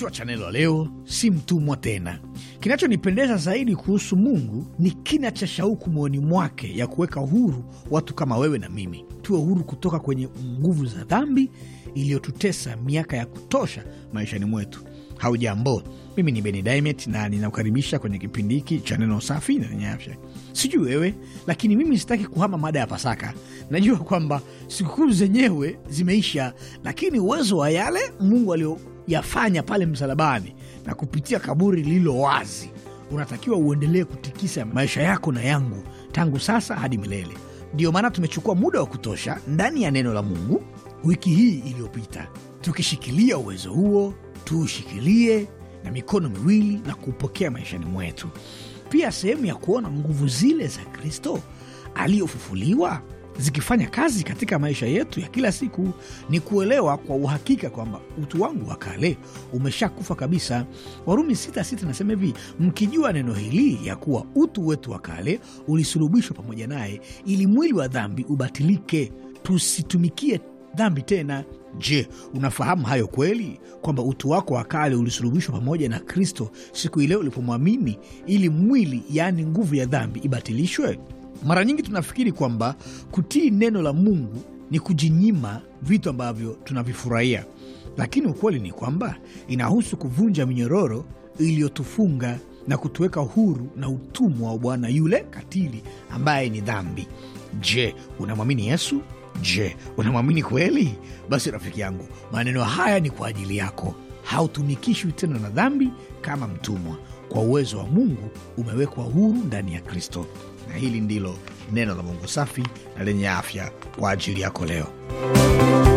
Kichwa cha neno leo, si mtumwa tena. Kinachonipendeza zaidi kuhusu Mungu ni kina cha shauku moyoni mwake ya kuweka huru watu kama wewe na mimi, tuwe huru kutoka kwenye nguvu za dhambi iliyotutesa miaka ya kutosha maishani mwetu. Haujambo, mimi ni Beni Dimet na ninakukaribisha kwenye kipindi hiki cha neno safi na lenye afya. Sijui wewe, lakini mimi sitaki kuhama mada ya Pasaka. Najua kwamba sikukuu zenyewe zimeisha, lakini uwezo wa yale Mungu alio yafanya pale msalabani na kupitia kaburi lililo wazi, unatakiwa uendelee kutikisa maisha yako na yangu tangu sasa hadi milele. Ndiyo maana tumechukua muda wa kutosha ndani ya neno la Mungu wiki hii iliyopita, tukishikilia uwezo huo, tuushikilie na mikono miwili na kuupokea maishani mwetu, pia sehemu ya kuona nguvu zile za Kristo aliyofufuliwa zikifanya kazi katika maisha yetu ya kila siku, ni kuelewa kwa uhakika kwamba utu wangu wa kale umeshakufa kabisa. Warumi 6:6 nasema hivi, mkijua neno hili ya kuwa utu wetu wa kale ulisulubishwa pamoja naye, ili mwili wa dhambi ubatilike, tusitumikie dhambi tena. Je, unafahamu hayo kweli, kwamba utu wako wa kale ulisulubishwa pamoja na Kristo siku ile ulipomwamini, ili mwili, yaani nguvu ya dhambi, ibatilishwe? Mara nyingi tunafikiri kwamba kutii neno la Mungu ni kujinyima vitu ambavyo tunavifurahia, lakini ukweli ni kwamba inahusu kuvunja minyororo iliyotufunga na kutuweka huru na utumwa wa bwana yule katili ambaye ni dhambi. Je, unamwamini Yesu? Je, unamwamini kweli? Basi rafiki yangu, maneno haya ni kwa ajili yako. Hautumikishwi tena na dhambi kama mtumwa kwa uwezo wa Mungu umewekwa huru ndani ya Kristo. Na hili ndilo neno la Mungu safi na lenye afya kwa ajili yako leo.